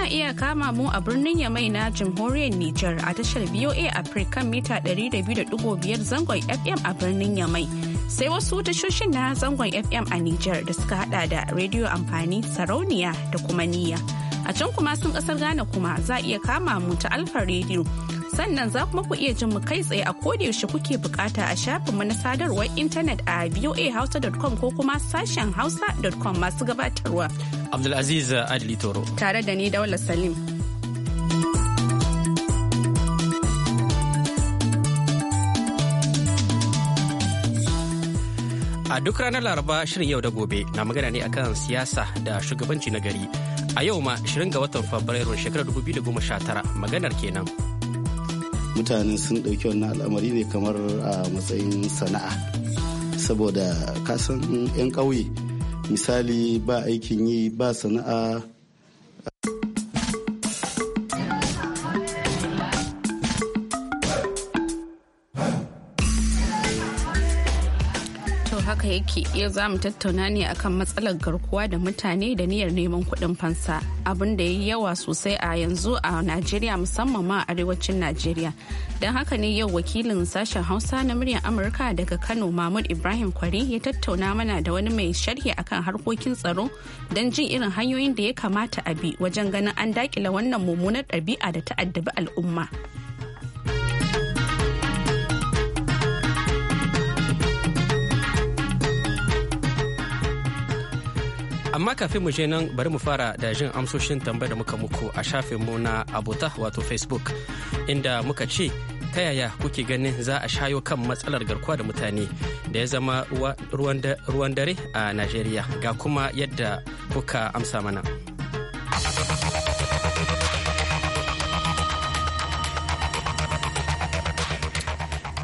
Ana iya kama mu a birnin Yamai na jamhuriyar Nijar a tashar VOA Africa mita 200.5 zangon FM a birnin Yamai. Sai wasu tashoshin na zangon FM a Nijar da suka hada da rediyo amfani sarauniya da kuma niyya. A can kuma sun kasar Ghana kuma za a iya kama mu ta Alfa rediyo sannan za kuma ku iya jin mu kai tsaye a yaushe kuke bukata a shafinmu na sadarwar intanet a voahausa.com ko kuma sashen hausa.com masu gabatarwa. Abdulaziz Adli Toro. Tare da ni Daula Salim. A duk ranar Laraba shirin yau da gobe na magana ne akan siyasa da shugabanci na gari. A yau ma shirin ga watan Fabrairu shekarar 2019 maganar kenan. mutane sun ɗauki wannan al'amari ne kamar a matsayin sana'a saboda kasan 'yan ƙauye misali ba aikin yi ba sana'a haka yake yau za mu tattauna ne akan matsalar garkuwa da mutane da niyyar neman kuɗin fansa abin da ya yi yawa sosai a yanzu a najeriya musamman ma a arewacin najeriya don haka ne yau wakilin sashen hausa na muryar amurka daga kano Mamud ibrahim kwari ya tattauna mana da wani mai sharhi akan harkokin tsaro don jin irin hanyoyin da ya kamata a bi wajen ganin an dakila wannan mummunar ɗabi'a da ta'addabi al'umma. amma kafin mu je nan bari mu fara da jin amsoshin tambayar muka muku a shafinmu na abota wato facebook inda muka ce ta yaya kuke ganin za a shayo kan matsalar garkuwa da mutane da ya zama ruwan dare a najeriya ga kuma yadda kuka amsa mana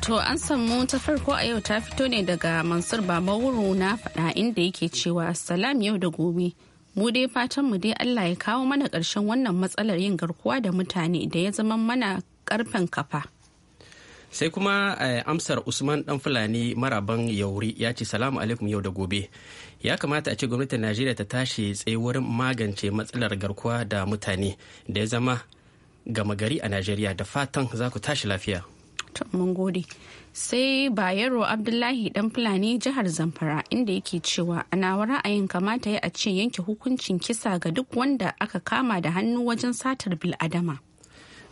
To an samu ta farko a yau ta fito ne daga Mansur Babawuru na faɗa inda yake cewa salam yau da gobe. Mu dai fatan mu dai Allah ya kawo mana ƙarshen wannan matsalar yin garkuwa da mutane da ya zama mana ƙarfen kafa. sai kuma eh, amsar usman dan fulani maraban yauri ya ce salamu alaikum yau da gobe ya kamata a ce gwamnatin najeriya ta tashi tsaye magance matsalar garkuwa da mutane da ya zama gama gari a najeriya da fatan za ku tashi lafiya mun gode. Sai Bayero Abdullahi dan Fulani jihar Zamfara inda yake cewa ana ra'ayin kamata ya a ce yanke hukuncin kisa ga duk wanda aka kama da hannu wajen satar bil'adama.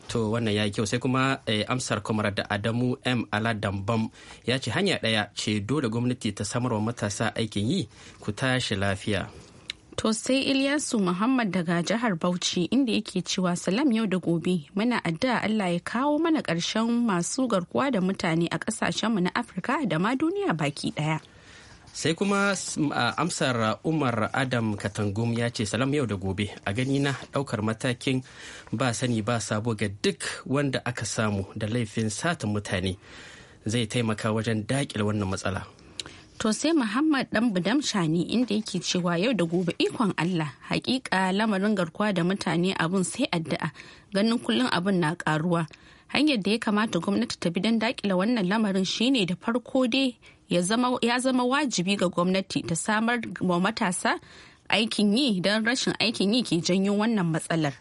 to wannan ya yi kyau sai kuma eh, amsar kamar da adamu m aladambam ya ce hanya ɗaya ce dole gwamnati ta samarwa matasa aikin yi ku tashi lafiya To sai Ilyasu Muhammad daga jihar Bauchi inda yake cewa salam yau da gobe muna addu'a Allah ya kawo mana ƙarshen masu garkuwa da mutane a ƙasashenmu na Afirka da ma duniya baki ɗaya. Sai kuma uh, amsar Umar Adam Katangum ya ce salam yau da gobe a gani na ɗaukar matakin ba sani ba sabo ga duk wanda aka samu da laifin sata mutane zai taimaka wajen daƙil wannan matsala. To sai Muhammad dan Budam Shani inda yake cewa yau da gobe ikon Allah hakika lamarin garkuwa da mutane abun sai addu'a ganin kullum abun na karuwa. Hanyar da ya kamata gwamnati ta bi don dakila wannan lamarin shine da farko dai ya zama wajibi ga gwamnati ta samar wa matasa aikin yi don rashin aikin yi ke janyo wannan matsalar.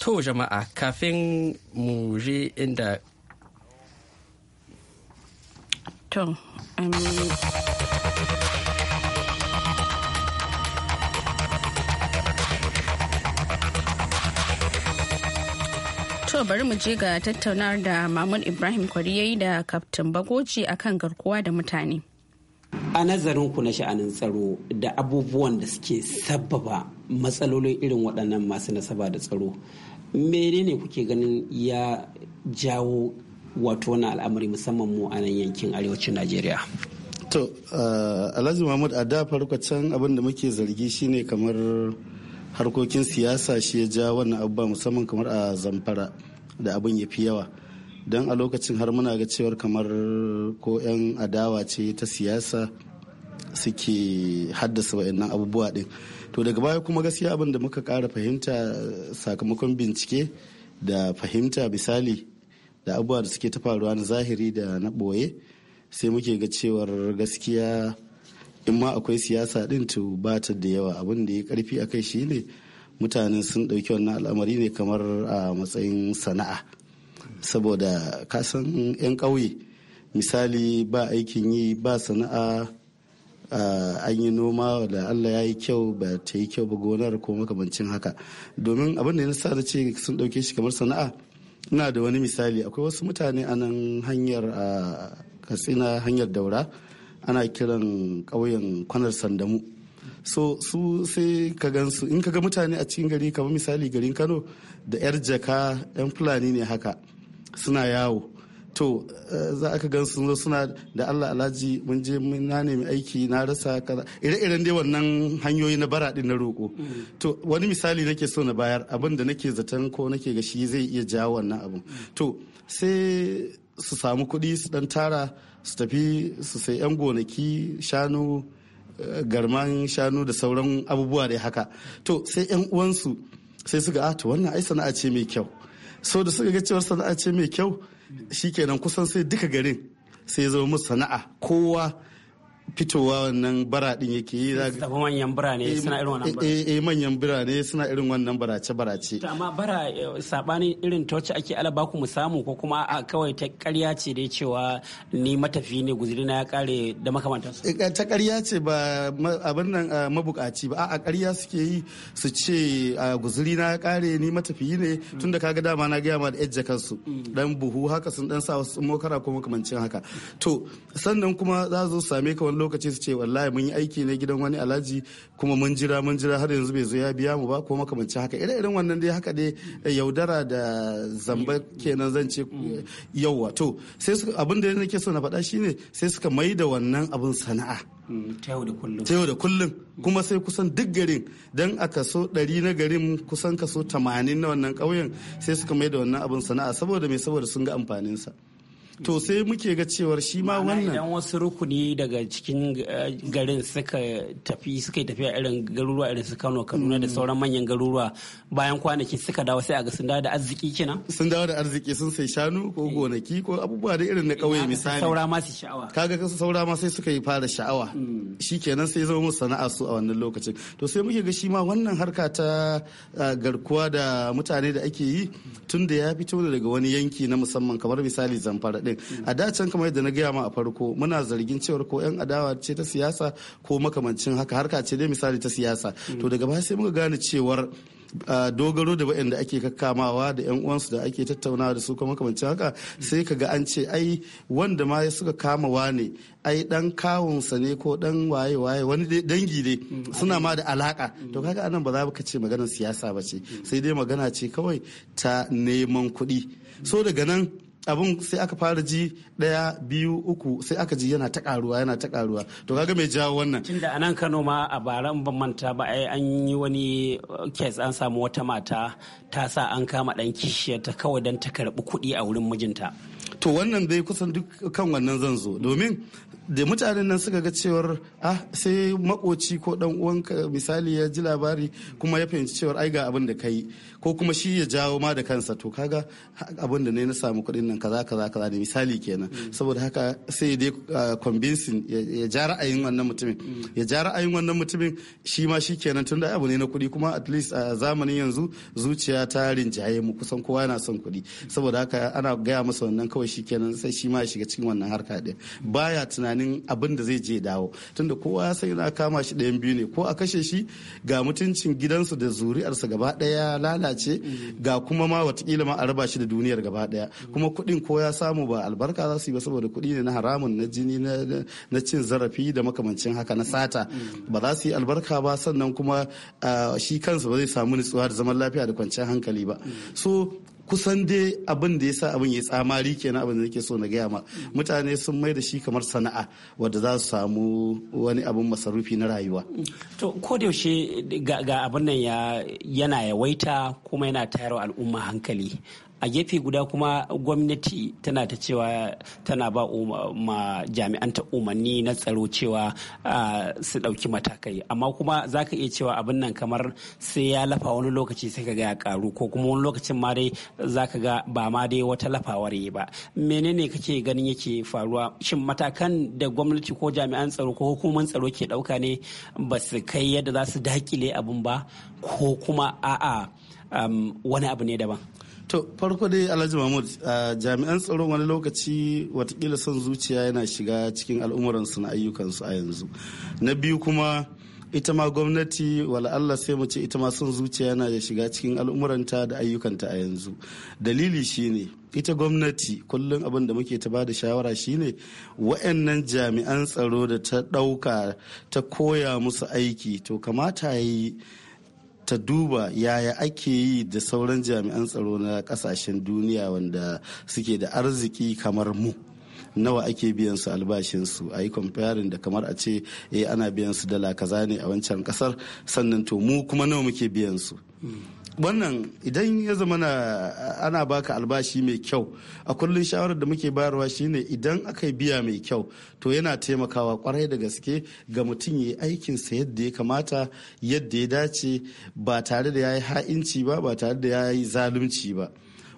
To jama'a kafin mu je inda Um, to bari mu je ga tattaunar da mamun ibrahim kwari yayi da kaftin bagoji akan garkuwa da mutane a nazarin ku na sha'anin tsaro da abubuwan da suke sabbaba matsalolin irin waɗannan masu nasaba da tsaro menene kuke ganin ya jawo wato na al'amari musamman mu a nan yankin arewacin najeriya to eh, alhaji mahmud a da farko can abin da muke zargi shine kamar harkokin siyasa shi ya ja wannan abubuwa musamman kamar a zamfara da abin ya fi yawa don a lokacin har muna ga cewar kamar ko 'yan adawa ce ta siyasa suke haddasa wa'annan abubuwa din to daga baya kuma gaskiya abin da muka kara fahimta sakamakon bincike da fahimta misali da abubuwa da suke ta faruwa na zahiri da na boye. sai muke ga cewar gaskiya in ma akwai siyasa ɗin to ba ta da yawa abin da ya karfi a kai shi ne mutanen sun ɗauki wannan al'amari ne kamar a matsayin sana'a saboda kasan 'yan ƙauye misali ba aikin yi ba sana'a an yi noma da allah ya yi kyau ba ta yi kyau ba gonar ko makamancin haka domin abin da ya nasa da ce sun ɗauke shi kamar sana'a ina da wani misali akwai wasu mutane a nan hanyar a katsina hanyar daura ana kiran ƙauyen kwanar sandamu so su sai ka gansu in ka ga mutane a cikin gari kamar misali garin kano da yar jaka yan fulani ne haka suna yawo to eh, za ka gan sun suna da Allah alhaji mun je na nemi aiki na rasa kaza ire-iren dai wannan hanyoyi na bara na roƙo mm. to wani misali nake so na bayar abin da nake zaton ko nake ga shi zai iya jawo wannan abin mm. to sai su samu kuɗi su ɗan tara su tafi su sai 'yan gonaki shanu eh, garman shanu da sauran abubuwa dai haka to sai 'yan uwansu sai su ga ah, to wannan ai sana'a ce mai kyau so da suka ga cewar sana'a ce mai kyau shi shikenan kusan sai duka garin sai ya zama musu sana'a kowa fitowa wannan bara din yake yi za tafi manyan birane eh, suna irin wannan barace eh, eh manyan birane suna irin wannan barace barace to amma bara eh, sabani irin ta wacce ake alaba ku mu samu ko kuma a kawai ta ƙarya ce dai cewa ni matafi ne guzuri na ya kare da makamantansu ta ƙarya ce ba abin nan mabukaci ba a ƙarya suke yi su ce ah, guzuri na ya kare ni matafi ne mm. tunda kaga dama na gaya ma da ejja kansu mm. dan buhu haka sun dan sa wasu mokara ko makamancin haka to sannan kuma za zo same ka wani lokaci su ce wallahi mun yi aiki ne gidan wani alhaji kuma mun jira mun jira har yanzu bai zo ya biya mu ba ko makamancin haka ire irin wannan dai haka dai eh, yaudara da zamba kenan zan ce eh, yauwa to sai abin da nake so na faɗa shine sai suka mai da wannan abin sana'a mm, ta yau da kullum kuma sai kusan duk garin don a kaso 100 na garin kusan kaso 80 na wannan ƙauyen sai suka mai da wannan abin sana'a saboda mai saboda sun ga amfaninsa. sa to sai muke ga cewar shi ma wannan idan wasu rukuni daga cikin eh, garin suka tafi suka yi tafiya irin garuruwa irin su Kano Kaduna da mm. sauran manyan garuruwa bayan kwanaki suka dawo sai a ga sun dawo da arziki kina. sun dawo da arziki sun sai shanu ko eh. gonaki ko abubuwa da irin na kauye misali saura ma su sha'awa kaga kasu saura ma sai suka yi fara sha'awa mm. shikenan sai zama musu sana'a su a wannan lokacin to sai muke ga shi ma wannan harka ta eh, garkuwa da mutane da ake yi tun da ya fito daga wani yanki na musamman kamar misali Zamfara din a dacen kamar yadda na gaya ma a farko muna zargin cewar ko yan adawa ce ta siyasa ko makamancin haka harka ce dai misali ta siyasa to daga baya sai muka gane cewar Uh, dogaro da wa'anda ake kakkamawa da 'yan uwansu da ake tattaunawa da su kuma makamancin haka sai ka ga an ce ai wanda ma suka kama wane ai dan kawunsa ne ko dan waye waye wani dangi ne suna ma da alaka to kaga anan ba za ka ce maganar siyasa ba ce sai dai magana ce kawai ta neman kuɗi so daga nan abun sai aka fara ji daya biyu uku sai aka ji yana ta karuwa yana ta karuwa to kaga mai jawo wannan tunda anan Kano ma a bara ban manta ba ai an yi wani uh, case an samu wata mata ta sa an kama dan kishiyar ta kawai dan ta karbi kuɗi a wurin mijinta to wannan dai kusan duk kan wannan zan zo domin da mutanen nan suka ga cewar ah sai makoci ko dan uwanka misali ya ji labari kuma ya fahimci cewar ai ga abin da kai ko kuma shi ya jawo ma da kansa to kaga abin da ne na samu kuɗin nan kaza kaza kaza da misali kenan mm. saboda haka sai dai uh, convincing ya ja ra'ayin wannan mutumin mm. ya ja ra'ayin wannan mutumin shi ma shi kenan tunda abu ne na kuɗi kuma at least a zamanin yanzu zuciya ta rinjaye mu kusan kowa yana son kuɗi saboda haka ana gaya masa wannan kawai shi kenan sai shi ma ya shiga cikin wannan harka ɗin baya tunanin abin da zai je dawo tunda kowa ya san yana kama shi ɗayan biyu ne ko a kashe shi ga mutuncin gidansu da zuri'arsa gaba ɗaya lalace ce ga kuma ma watakila ma a raba shi da duniyar gaba daya kuma kuɗin ko ya samu ba albarka za su yi ba saboda kuɗi ne na haramun na jini na cin zarafi da makamancin haka na sata ba za su yi albarka ba sannan kuma ah, shi kansa ba zai samu nutsuwa da zaman lafiya da kwanciyar hankali ba so kusan dai abin da ya sa abin ya tsamari kenan abin da nake so na gaya ma mutane sun mai da shi kamar sana'a wadda za su samu wani abin masarufi na rayuwa to ko da yaushe ga abin nan yana yawaita kuma yana tayarwa al'umma hankali a gefe guda kuma gwamnati tana ta cewa tana ba ma jami'an ta umarni na tsaro cewa su ɗauki matakai amma kuma za ka iya cewa abin nan kamar sai ya lafa wani lokaci sai ka ga ya karu ko kuma wani lokacin ma dai za ka ga ba ma dai wata lafawar yi ba menene kake ganin yake faruwa shin matakan da gwamnati ko jami'an tsaro ko hukumar tsaro ke ɗauka ne ba su kai yadda za su dakile abin ba ko kuma a'a wani abu ne daban To farko dai Alhaji Mahmud jami'an tsaron wani lokaci watakila son zuciya yana shiga cikin al'umuransu na ayyukansu a yanzu. Na biyu kuma ita ma gwamnati wala Allah sai mu ce ita ma son zuciya yana da shiga cikin al'umuranta da ayyukanta a yanzu dalili shine ita gwamnati kullum abin da muke ta ba da shawara shine wa'annan jami'an tsaro da ta ɗauka ta koya musu aiki to kamata yi ta duba yaya ake yi da sauran jami'an tsaro na kasashen duniya wanda suke da arziki kamar mu nawa ake biyan su albashin su a yi comparing da kamar a ce eh ana biyan su dala kaza ne a wancan kasar sannan to mu kuma nawa muke biyan su wannan idan ya zama na ana baka albashi mai kyau a kullun shawarar da muke bayarwa shine idan aka biya mai kyau to yana taimakawa kwarai da gaske ga mutum ya yi aikinsa yadda ya kamata yadda ya dace ba tare da ya yi ha'inci ba ba tare da ya yi zalunci ba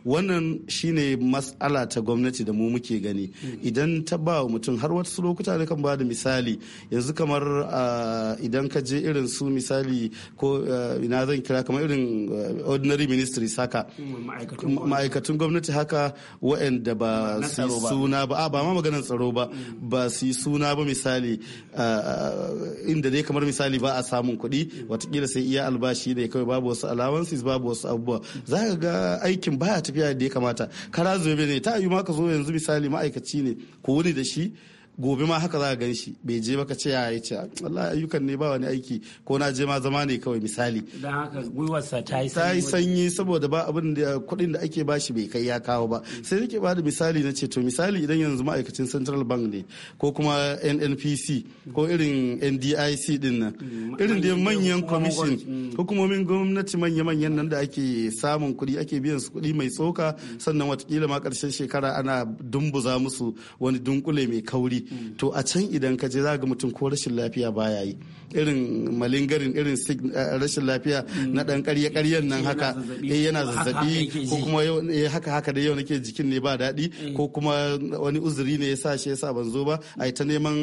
wannan shine matsala ta gwamnati da mu muke gani hmm. idan ta ba mutum har wasu lokuta ne kan ba da misali yanzu kamar ah, idan ka je irin su misali ko ah, ina zan kira kamar irin ah, ordinary ministries haka hmm, ma'aikatun gwamnati haka wa'anda ba su suna ba ba ma maganar tsaro ba hmm. ba su suna ba misali inda dai kamar misali ba a samun kuɗi watakila sai iya albashi ne kawai babu wasu allowances babu wasu abubuwa za ka ga aikin baya tafi tafiya da ya kamata kara zobe ne ta yi maka zo yanzu misali ma'aikaci ne ko wuni da shi gobe ma haka za ka gan shi bai je baka ce ya ce wallahi ayyukan ne ba wani aiki ko na je ma zama ne kawai misali ta yi sanyi saboda ba abin da kuɗin da ake bashi bai kai ya kawo ba sai nake ba da misali na ce to misali idan yanzu ma'aikacin central bank ne ko kuma nnpc ko irin ndic din nan mm, irin da manyan commission mm. hukumomin gwamnati manya-manyan nan da ake samun kuɗi ake biyan su kuɗi mai tsoka sannan watakila ma ƙarshen shekara ana dumbuza musu wani dunkule mai kauri to a can idan ka je za ga mutum ko rashin lafiya baya yi irin malingarin irin eh, rashin lafiya na dan karye karyen nan haka eh yana zazzabi ko kuma haka haka eh, da yau nake jikin ne ba daɗi eh. ko kuma wani uzuri ne ya sa shi ya sa ban zo ba ai ta neman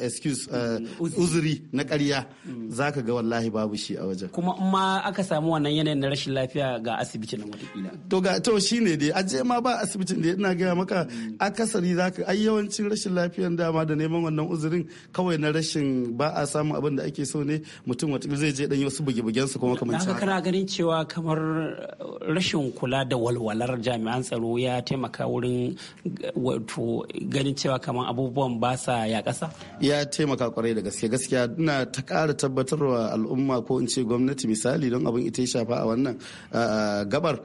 excuse mm, uzuri na karya mm. za ka ga wallahi babu shi a wajen kuma in ma aka samu wannan yanayin na rashin lafiya ga asibitin nan watakila to ga to shine dai aje ma ba asibitin da ina gaya maka mm. akasari zaka ai yawancin rashin lafiya lafiyan dama da neman wannan uzurin kawai na rashin ba a samun abin da ake so ne mutum wata zai je dan wasu bugi bugen su kuma kamar haka kana ganin cewa kamar uh, rashin kula da walwalar jami'an tsaro ya taimaka wurin uh, wato ganin cewa kamar abubuwan ba sa ya kasa ya taimaka kwarai da gaske gaskiya ina ta ƙara tabbatarwa al'umma ko in ce gwamnati misali don abin ita ya shafa a wannan uh, gabar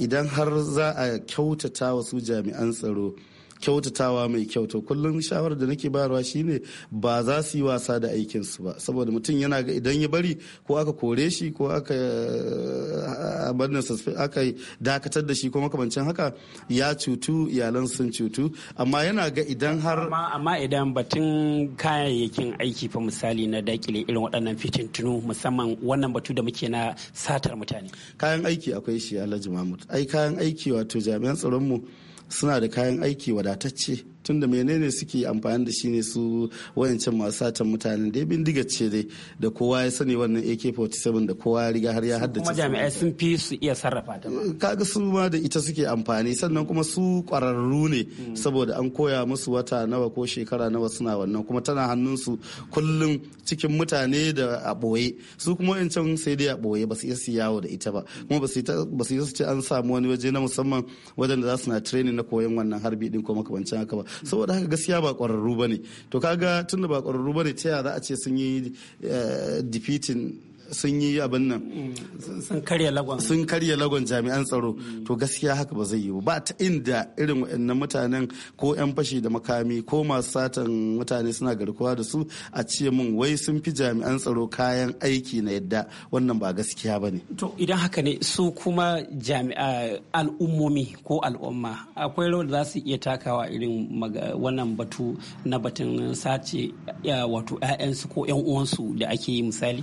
idan har za a kyautata wasu jami'an tsaro kyautatawa mai kyau to kullum shawarar da nake bayarwa shine ba za su yi wasa da aikin su ba saboda mutum yana ga idan ya bari ko aka kore shi ko aka eh, abannan aka dakatar da shi ko makamancin haka ya cutu iyalan sun cutu amma yana ga idan har amma idan batun kayayyakin aiki fa misali na dakile irin waɗannan fitintunu musamman wannan batu da muke na satar mutane kayan aiki akwai shi Alhaji Mahmud ai kayan aiki wato jami'an tsaron mu suna da kayan aiki wadatacce tunda menene suke amfani da shi ne su wayancan masu satan mutanen da bindiga ce dai da kowa ya sani wannan AK47 da kowa ya riga har ya haddace kuma jami'ai sun fi su iya sarrafa ta kaga su ma da ita suke amfani sannan kuma su kwararru ne mm. saboda an koya musu wata nawa ko shekara nawa suna wannan kuma tana hannunsu kullum cikin mutane da a su kuma wayancan sai dai a ba su iya su yawo da ita ba kuma ba su yi su ce an samu wani waje na musamman wajen da za su na training na koyon wannan harbi din ko makamancin haka ba saboda haka gaskiya ba kwararru ba ne to kaga tunda ba kwararru ba ne ta ya za a ce sun yi eh, defeating sun yi abin nan mm, sun karya lagon jami'an tsaro to gaskiya haka ba zai yi ba ta inda irin waɗannan mutanen ko yan fashi da makami ko masu satan mutane suna garkuwa da su a ce min wai sun fi jami'an tsaro kayan aiki na yadda wannan ba gaskiya ba ne to idan haka ne su kuma al'ummomi ko al'umma akwai rawar da za su iya takawa irin wannan batu na batun sace wato 'ya'yansu ko 'yan uwansu da ake yi misali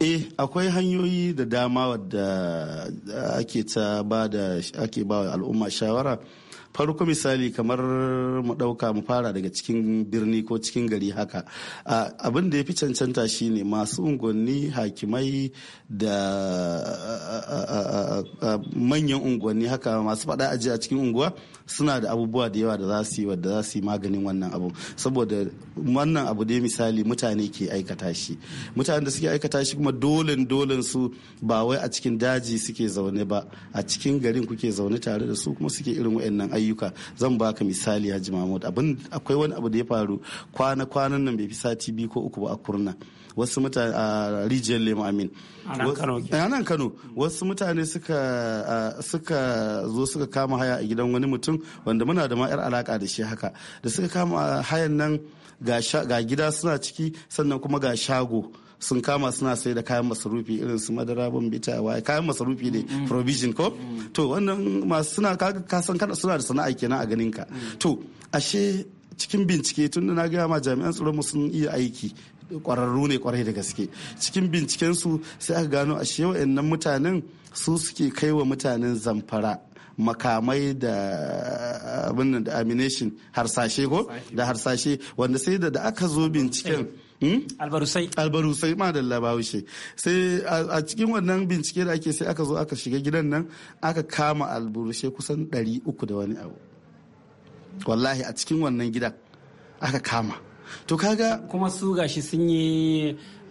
eh akwai hanyoyi da dama wadda ake ta ba da ake ba al'umma shawara farko misali kamar mu ɗauka mu fara daga cikin birni ko cikin gari haka abin da ya fi cancanta shine masu unguwanni hakimai da manyan unguwanni haka masu faɗa aji a cikin unguwa suna da abubuwa da yawa da za su yi wadda za su yi maganin wannan abu saboda wannan abu dai misali mutane ke aikata shi mutane da suke aikata shi kuma dolen dolen su ba wai a cikin daji suke zaune ba a cikin garin kuke zaune tare da su kuma suke irin waɗannan ayyuka ayyuka zan baka misali Haji Mahmud abin akwai wani abu da ya faru kwana kwanan nan bai fi sati biyu ko uku ba a kurna wasu mutane a rijiyar lemu amin a nan kano wasu mutane suka suka zo suka kama haya a gidan wani mutum wanda muna da ma'yar alaka da shi haka da suka kama hayan nan ga gida suna ciki sannan kuma ga shago sun kama suna sai da kayan masarufi irin su madara bita wa kayan masarufi ne mm-hmm. provision ko mm-hmm. to wannan masu suna kasan kada suna da sana'a kenan a ganin ka mm-hmm. to ashe cikin bincike tun na gaya ma jami'an tsaron sun iya aiki kwararru ne kwarai da gaske cikin bincikensu sai aka gano ashe wa'annan mutanen su suke kai wa mutanen zamfara makamai da abin da amination harsashe ko da harsashe wanda sai da aka zo binciken albarusai hmm? albarusai ma da labawishe sai a cikin wannan bincike da ake sai aka zo aka shiga gidan nan aka kama albarusai kusan 300 da wani abu wallahi a cikin wannan gidan aka kama to kaga kuma su gashi sun yi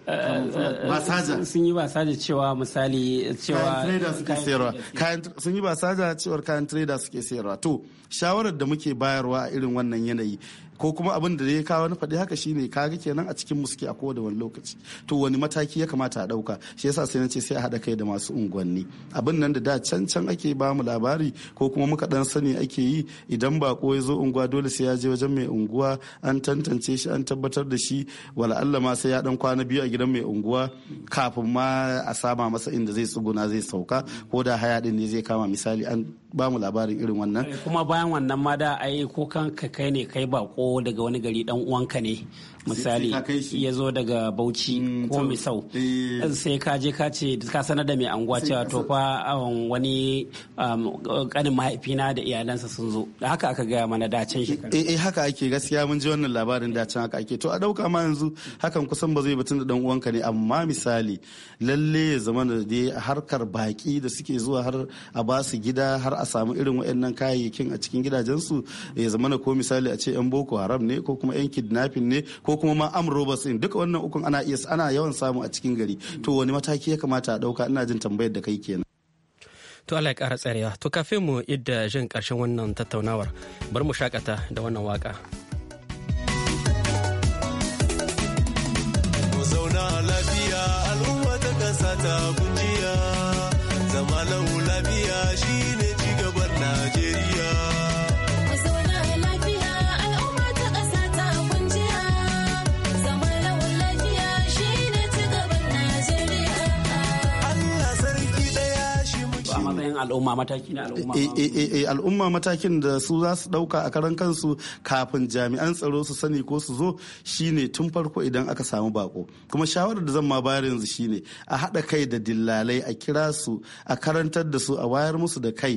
eh, eh, sun yi basaja cewa misali cewa suke sayarwa sun yi basaja cewar kayan trader suke sayarwa to shawarar da muke bayarwa a irin wannan yanayi ko kuma abin da ya kawo na faɗi haka shine kaga kenan a cikin muske a kowane wani lokaci to wani mataki ya kamata a ɗauka shi yasa sai na ce sai a haɗa kai da masu unguwanni abin nan da da can can ake ba mu labari ko kuma muka dan sani ake yi idan bako ya zo unguwa dole sai ya je wajen mai unguwa an tantance shi an tabbatar da shi wala Allah ma sai ya dan kwana biyu a gidan mai unguwa kafin ma a sama masa inda zai tsuguna zai sauka ko da haya ɗin ne zai kama misali an ba mu labarin irin wannan eh, kuma bayan wannan ma da ai ko kan ka kai ne kai bako daga wani gari dan uwanka ne misali ya zo daga bauchi mm, ko misau eh. sai ka je ka ce ka sanar da mai anguwa cewa to fa um, wani kanin um, mahaifina da iyalansa sun zo da haka aka gaya mana dacen shekaru eh, eh haka ake gaskiya mun ji wannan labarin dacen haka ake to a dauka ma yanzu hakan kusan ba zai batun da dan uwanka ne amma misali lalle ya zama da dai harkar baki da suke zuwa har a basu gida har a samu irin waɗannan kayayyakin a cikin gidajensu ya zama na ko misali a ce 'yan boko haram ne ko kuma 'yan kidnapping ne ko kuma ma am robots in duka wannan ukun ana iya ana yawan samu a cikin gari to wani mataki ya kamata a ɗauka ina jin tambayar da kai kenan to Allah ya kara tsarewa to kafin mu idda jin ƙarshen wannan tattaunawar bar mu shakata da wannan waka. al'umma mataki na al'umma eh, eh, eh, al'umma matakin da su za su dauka a karan kansu kafin jami'an tsaro su sani ko su zo shine tun farko idan aka samu bako kuma shawarar da zan ma bayar yanzu shine a haɗa kai da dillalai a kira su a karantar da su a wayar musu da kai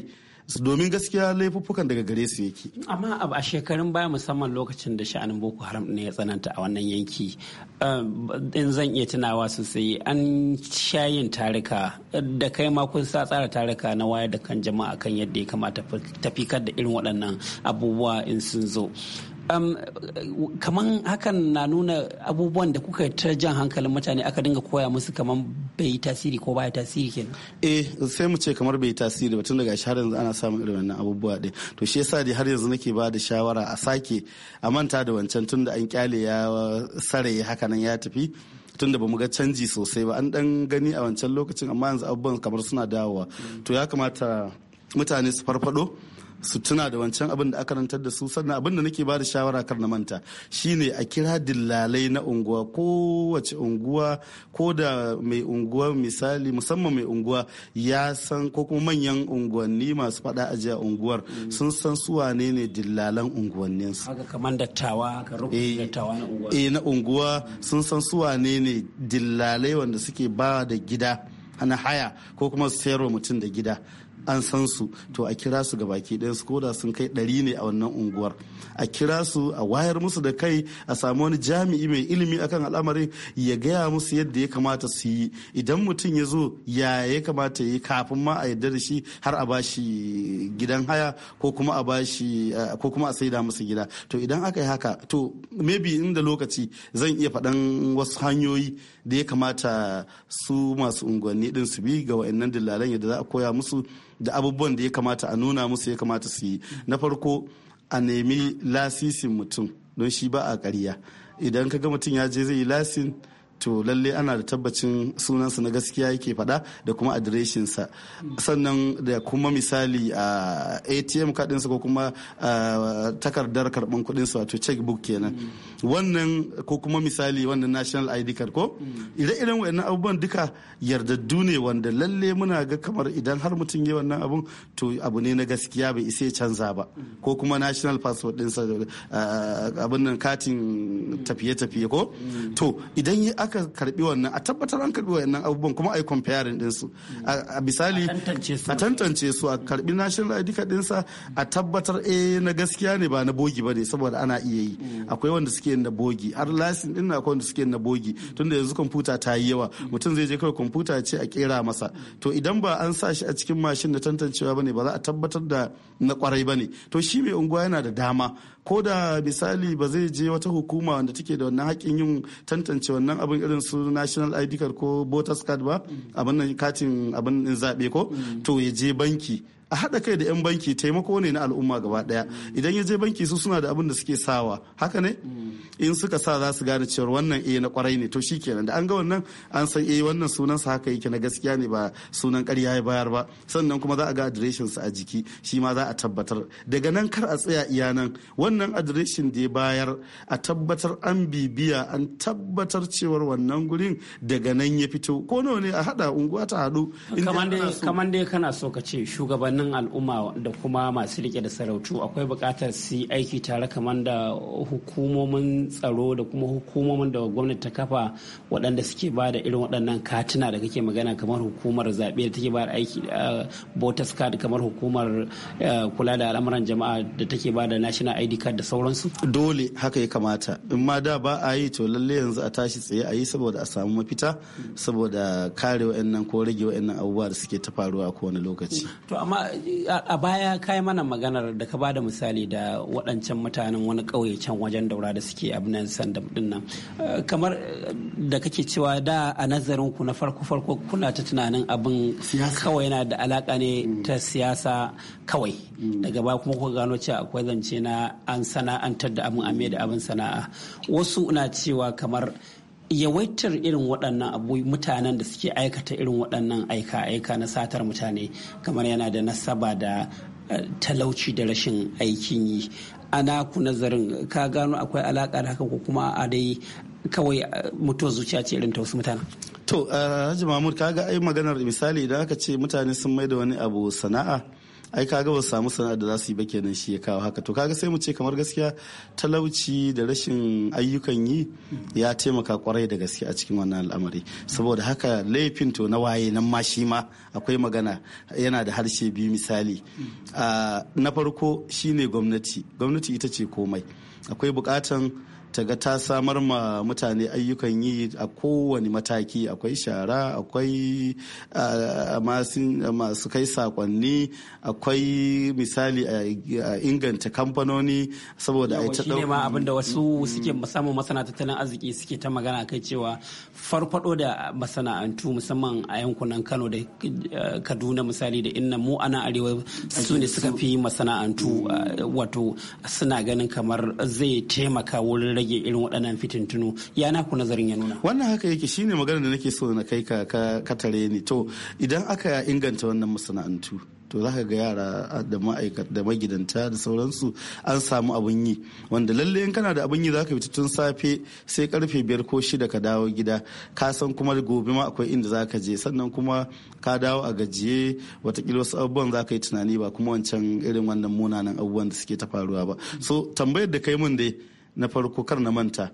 domin gaskiya laifuffukan daga gare su yake amma a shekarun baya musamman lokacin da sha'anin boko haram ne ya tsananta a wannan yanki eh, in zan iya tunawa sosai an shayin tarika da kai ma kun sa tsara tarika na wayar da kan jama'a kan yadda ya kamata tafikar da irin waɗannan abubuwa in sun zo kaman hakan na nuna abubuwan da kuka ta jan hankalin mutane aka dinga koya musu kaman bai yi tasiri ko baya tasiri kenan eh sai mu ce kamar bai yi tasiri ba tun daga shi har yanzu ana samun irin wannan abubuwa din to shi yasa dai har yanzu nake ba da shawara a sake a manta da wancan tun da an kyale ya sare haka ya tafi tun da bamu ga canji sosai ba an dan gani a wancan lokacin amma yanzu abubuwan kamar suna dawowa to ya kamata mutane su farfado su tuna da wancan abin da aka rantar da su sannan abin da nake ba da shawara kar na manta shine a kira dillalai na unguwa kowace unguwa ko da mai unguwa misali musamman mai unguwa ya san ko kuma manyan unguwanni masu fada a jiya unguwar mm. sun san su wane ne dillalan unguwannin su haka kamar dattawa ka rubuta eh, dattawa na unguwa eh na unguwa sun san su wane ne dillalai wanda suke ba da gida na haya ko kuma sayarwa mutum da gida an san su to a kira su ga baki ɗayan su koda sun kai ɗari ne a wannan unguwar a kira su a wayar musu da kai a samu wani jami'i mai ilimi akan al'amarin ya gaya musu yadda ya kamata su yi idan mutum ya zo ya ya kamata ya yi kafin ma a yarda da shi har a ba shi gidan haya ko kuma a shi ko kuma a saida musu gida to idan aka yi haka to maybe da lokaci zan iya faɗan wasu hanyoyi da ya kamata su masu unguwanni din su bi ga wa'annan dillalan yadda za a koya musu da abubuwan da ya kamata a nuna musu ya kamata su yi na farko a nemi lasisin mutum don shi ba a ƙarya idan ka ga mutum ya je zai yi lasin to lalle ana da tabbacin sunansa na gaskiya yake faɗa da kuma adireshinsa sannan da kuma misali a atm kaɗinsa ko kuma takardar karɓan kuɗinsa wato checkbook kenan wannan ko kuma misali wannan national id card ko ire-iren wayannan abubuwan duka yardaddu ne wanda lalle muna ga kamar idan har mutum yi wannan abun to abu ne na gaskiya bai isa canza ba ko kuma national passport ɗinsa abin nan katin tafiye-tafiye ko to idan aka karbi wannan a tabbatar an karbi wannan abubuwan kuma a yi comparing su a misali a tantance su a karbi national ID card sa a tabbatar eh na gaskiya ne ba na bogi ba ne saboda ana iya yi mm. akwai wanda suke yin na bogi har lasin na akwai wanda suke yin na bogi tunda yanzu computer ta yi yawa mm. mutum zai je kawai computer ce a kera masa to idan ba an sa shi a cikin mashin na tantancewa ba ne ba za a tabbatar da na kwarai ba to shi mai unguwa yana da dama ko da misali ba zai je wata hukuma wanda take da wannan haƙƙin yin tantance wannan abin abin irin su national id card ko voters card ba mm. abin nan katin abin zaɓe ko mm. to ya je banki a haɗa kai da 'yan banki taimako ne na al'umma gaba ɗaya idan ya je banki su suna da abin da suke sawa haka ne in suka sa za su gane cewa wannan eh na kwarai ne to shi kenan da an ga wannan an san eh wannan sunan sa haka yake na gaskiya ne ba sunan ƙarya ya bayar ba sannan kuma za a ga adireshin sa a jiki shi ma za a tabbatar daga nan kar a tsaya iya nan wannan adireshin da ya bayar a tabbatar an bibiya an tabbatar cewar wannan gurin daga nan ya fito ko nawa ne a haɗa unguwa ta haɗu kamar dai kana so ka ce shugaban dukkanin al'umma da kuma masu rike da sarautu akwai buƙatar su aiki tare kamar da hukumomin tsaro da kuma hukumomin da gwamnati ta kafa waɗanda suke ba da irin waɗannan katina da kake magana kamar hukumar zaɓe da take ba da aiki eh, voters card kamar hukumar eh, kula da al'amuran jama'a da take ba da national id card da sauransu dole haka ya kamata in ma da ba a yi to lalle yanzu a tashi tsaye a yi saboda a samu mafita saboda kare wa'annan ko rage wa'annan abubuwa da suke ta faruwa a kowane lokaci to amma a baya ka yi mana maganar da ka ba da misali da waɗancan mutanen wani ƙauye can wajen daura da suke abu nan nan kamar eh, da kake cewa da a nazarin ku na farko farko kuna ta tunanin abin kawai yana da alaka ne mm. ta siyasa kawai mm. daga baya kuma ku gano cewa akwai zance na an sana'antar da abin ame da abin sana'a wasu na cewa kamar yawaitar irin waɗannan abu mutanen da suke aikata irin waɗannan aika-aika na satar mutane kamar yana da nasaba da eh, talauci da rashin aikin yi ana ku nazarin ka gano akwai alaƙa da haka ko kuma a dai kawai eh, mutuwar zuciya ce irin ta wasu mutanen to eh, hajji mahmud ga ai maganar misali idan aka ce mutane sun mai da wani abu sana'a ai kaga ba samu sana'ar da za su yi ba kenan shi ya kawo haka to kaga sai mu ce kamar gaskiya talauci da rashin ayyukan yi ya taimaka kwarai da gaske a cikin wannan al'amari saboda haka laifin to na waye nan ma shi ma akwai magana yana da harshe biyu misali ah, na farko shine gwamnati gwamnati ita ce komai akwai bukatan ta ga ta samar ma mutane ayyukan yi a kowane mataki akwai shara akwai ah, masu kai sakonni akwai misali a inganta kamfanoni saboda a ta ma abinda wasu mm-hmm. suke samun masana tattalin arziki suke ta magana kai cewa farfado da masana'antu musamman a yankunan Kano da eh, Kaduna misali da inna mu ana arewa su ne suka fi masana'antu ah, wato suna ganin kamar zai taimaka wurin rage rage irin waɗannan fitintunu ya naku nazarin ya nuna wannan haka yake shine magana da nake so na kai ka katare ni to idan aka inganta wannan masana'antu to za ka ga yara da ma'aikata da magidanta da sauransu an samu abun yi wanda lalle in kana da abun yi za ka fita tun safe sai karfe biyar ko shida ka dawo gida ka san kuma gobe ma akwai inda za ka je sannan kuma ka dawo a gajiye watakila wasu abubuwan za ka yi tunani ba kuma wancan irin wannan munanan abubuwan da suke ta faruwa ba so tambayar da kai mun dai na farko kar na manta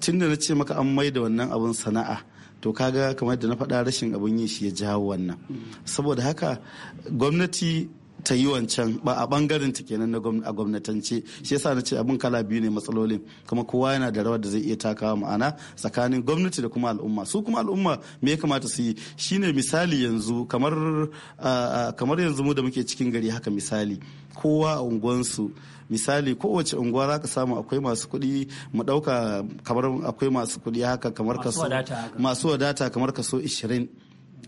tun da na ce maka an mai da wannan abun sana'a to kaga kamar da na faɗa rashin abun yi shi ya jawo wannan saboda haka gwamnati ta yi wancan ba a bangaren ta kenan a gwamnatance shi yasa na ce abin kala biyu ne matsalolin kuma kowa yana da rawar da zai iya takawa ma'ana tsakanin gwamnati da kuma al'umma su kuma al'umma me ya kamata su yi shine misali yanzu kamar yanzu mu da muke cikin gari haka misali kowa a unguwansu misali kowace unguwa za ka samu akwai masu kuɗi mu ɗauka kamar akwai masu kuɗi haka kamar kaso masu wadata kamar kaso 20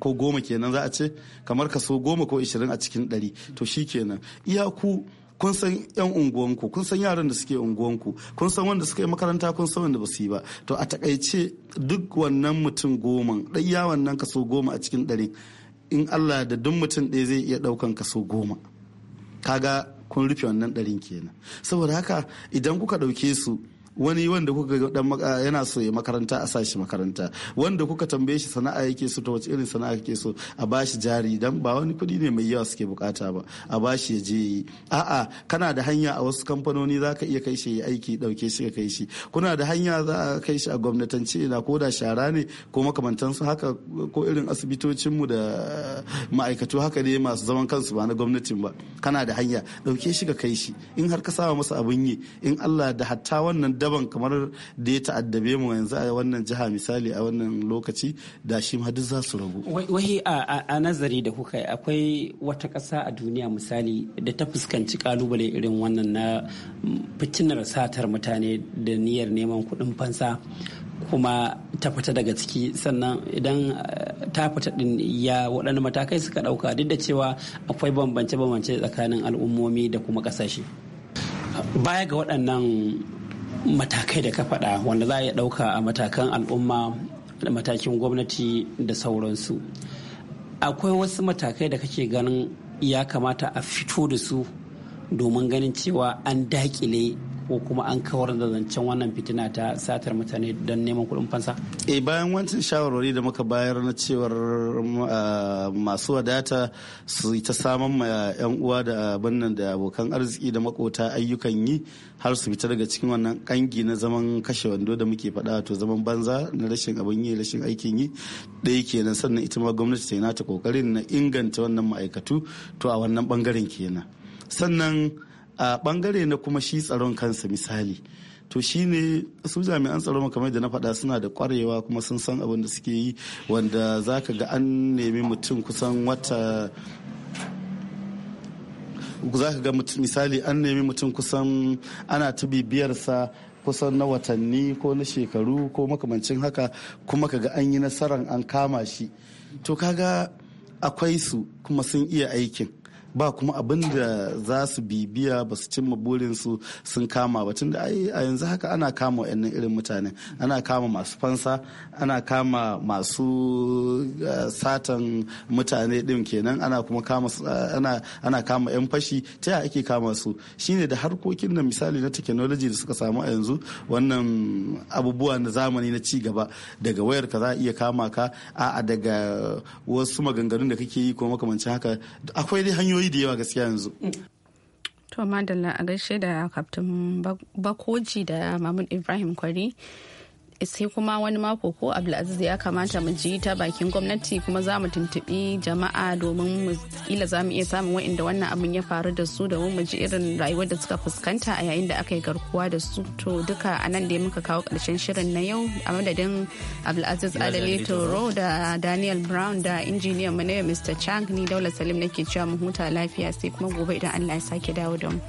ko goma kenan za a ce kamar kaso goma ko ishirin a cikin ɗari to shi kenan iyaku kun san yan unguwanku kun san yaran da suke unguwanku kun san wanda suka yi makaranta kun san wanda ba su yi ba to a takaice duk wannan mutum goma ya wannan kaso goma a cikin ɗari in allah da duk mutum ɗaya zai iya ɗaukan kaso goma kaga kun rufe wannan ɗarin kenan saboda haka idan kuka ɗauke su wani wanda kuka ga dan yana so ya makaranta a sashi makaranta wanda kuka tambaye shi sana'a yake so ta wace irin sana'a yake so a bashi jari dan ba wani kuɗi ne mai yawa suke bukata ba a bashi ya je yi a'a kana da hanya a wasu kamfanoni za ka iya kai shi aiki dauke shi ka kai shi kuna da hanya za a kai shi a gwamnatance na ko da shara ne ko makamantansu haka ko irin asibitocin mu da ma'aikatu haka ne masu zaman kansu ba na gwamnatin ba kana da hanya dauke shi ka kai shi in har ka saba masa abin yi in Allah da hatta wannan daban kamar da ya ta'addabe mu yanzu a wannan jiha misali a wannan lokaci da shi ma duk za su ragu wahi a nazari da kuka yi akwai wata ƙasa a duniya misali da ta fuskanci kalubale irin wannan na fitinar satar mutane da niyyar neman kuɗin fansa kuma ta fita daga ciki sannan idan eh, ta fita din ya waɗanda matakai suka ɗauka duk da cewa akwai bambance-bambance tsakanin al'ummomi da kuma ƙasashe baya ga waɗannan matakai da ka faɗa wanda za a iya ɗauka a matakan al'umma da matakin gwamnati da sauransu akwai wasu matakai da kake ganin ya kamata a fito da su domin ganin cewa an daƙile. ko kuma an kawar da zancen wannan fitina ta satar mutane don neman kuɗin fansa? E bayan wancan shawarwari da muka bayar na cewar ah, masu wadata su ta saman ma 'yan uwa da abin nan da abokan arziki da makota ayyukan yi har su fita daga cikin wannan kangi na zaman kashe wando da muke faɗa to zaman banza na rashin abin yi rashin aikin yi ɗaya kenan sannan ita ma gwamnati ta yi nata kokarin na inganta wannan ma'aikatu to a wannan bangaren kenan sannan a bangare na kuma shi tsaron kansa misali to shi ne su jami'an tsaro kamar da na faɗa suna da kwarewa kuma sun san abin da suke yi wanda za ka ga an nemi mutum kusan wata za ka ga misali an nemi mutum kusan ana ta bibiyarsa kusan na watanni ko na shekaru ko makamancin haka kuma ka ga an yi nasarar an kama shi to kaga akwai su kuma sun iya aikin ba kuma abin da za su bibiya ba su cimma burinsu sun kama ba tunda a yanzu haka ana kama wa irin mutane ana kama masu fansa ana kama masu eh, satan mutane din kenan ana kuma kama eh, ana kama yan fashi ta yaya ake kama su shine da harkokin da misali na technology da suka samu a yanzu wannan abubuwa na zamani na ci gaba daga wayar ka za a iya kama ka a daga wasu maganganun da kake yi ko makamancin haka akwai dai hanyoyi hanyoyi da yawa gaskiya yanzu to madalla a gaishe da kaftin bakoji da mamun ibrahim kwari sai kuma wani mako ko abdulaziz ya kamata mu ji ta bakin gwamnati kuma za mu tuntuɓi jama'a domin mu kila za mu iya samun wa'inda wannan abin ya faru da su da mu ji irin rayuwar da suka fuskanta a yayin da aka yi garkuwa da su to duka a nan da muka kawo karshen shirin na yau a madadin abdulaziz adale toro da daniel brown da injiniyan mu na mr chang ni daula salim nake cewa mu huta lafiya sai kuma gobe idan allah ya sake dawo da mu.